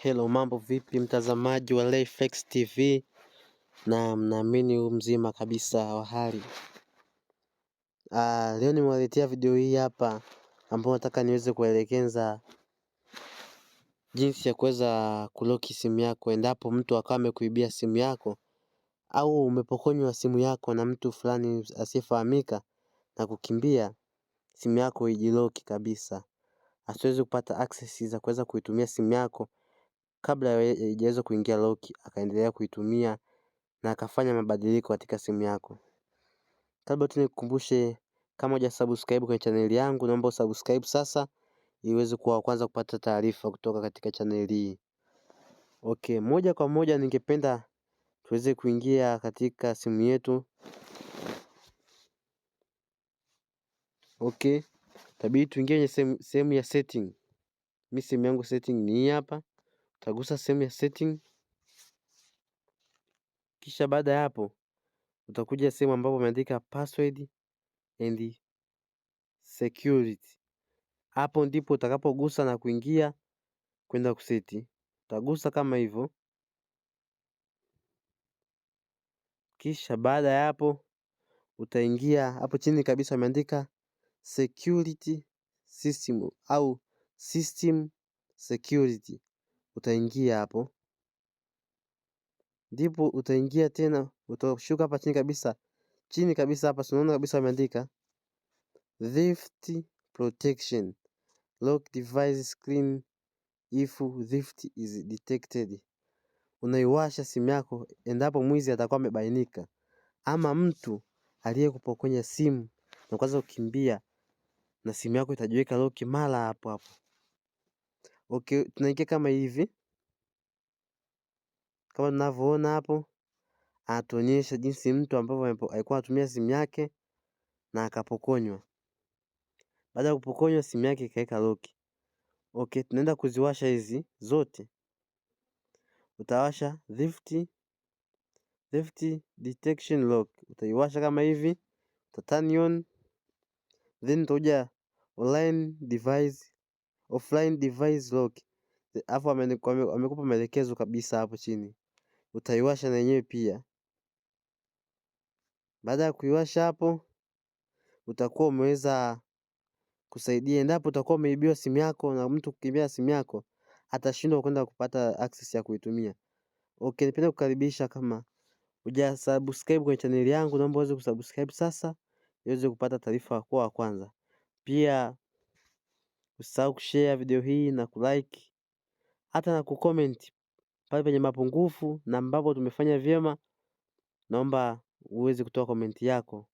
Hello, mambo vipi mtazamaji wa Rayflex TV, na mnaamini u mzima kabisa wa hali. Ah, Leo nimewaletea video hii hapa ambayo nataka niweze kuelekeza jinsi ya kuweza kuloki simu yako endapo mtu akawa amekuibia simu yako au umepokonywa simu yako na mtu fulani asiyefahamika na kukimbia, simu yako ijiloki kabisa, asiwezi kupata access za kuweza kuitumia simu yako kabla haijaweza kuingia lock akaendelea kuitumia na akafanya mabadiliko katika simu yako. Kabla tu nikukumbushe, kama hujasubscribe kwenye chaneli yangu, naomba usubscribe sasa ili uweze kuwa wa kwanza kupata taarifa kutoka katika chaneli hii. Okay, moja kwa moja ningependa tuweze kuingia katika simu yetu. Okay, tabidi tuingie kwenye sehemu ya setting. Mimi simu yangu setting ni hii hapa utagusa sehemu ya setting kisha baada ya hapo utakuja sehemu ambapo umeandika password and security. Hapo ndipo utakapogusa na kuingia kwenda kuseti. Utagusa kama hivyo, kisha baada ya hapo utaingia hapo chini kabisa umeandika security system au system security utaingia hapo, ndipo utaingia tena, utashuka hapa chini kabisa, chini kabisa hapa tunaona kabisa wameandika theft protection lock device screen if theft is detected. Unaiwasha simu yako endapo mwizi atakuwa amebainika, ama mtu aliyekupokonya simu na kwanza kukimbia, na simu yako itajiweka loki mara hapo hapo. Okay, kama hivi kama tunavyoona hapo, anatuonyesha jinsi mtu ambavyo alikuwa anatumia simu yake na akapokonywa. Baada ya kupokonywa simu yake ikaweka lock. Okay, tunaenda kuziwasha hizi zote. Utawasha theft, theft detection lock, utaiwasha kama hivi, uta on, then utakuja online device offline device lock. Hapo amekupa maelekezo kabisa hapo chini, utaiwasha na yenyewe pia. Baada ya kuiwasha hapo, utakuwa umeweza kusaidia. Endapo utakuwa umeibiwa simu yako na mtu kukimbia simu yako, atashindwa kwenda kupata access ya kuitumia. Okay, nipende kukaribisha kama uja subscribe kwenye channel yangu, naomba uweze kusubscribe sasa, uweze kupata taarifa kwa kwanza pia Usisahau kushare video hii na kulike hata na kucomment pale penye mapungufu na ambapo tumefanya vyema, naomba uweze kutoa komenti yako.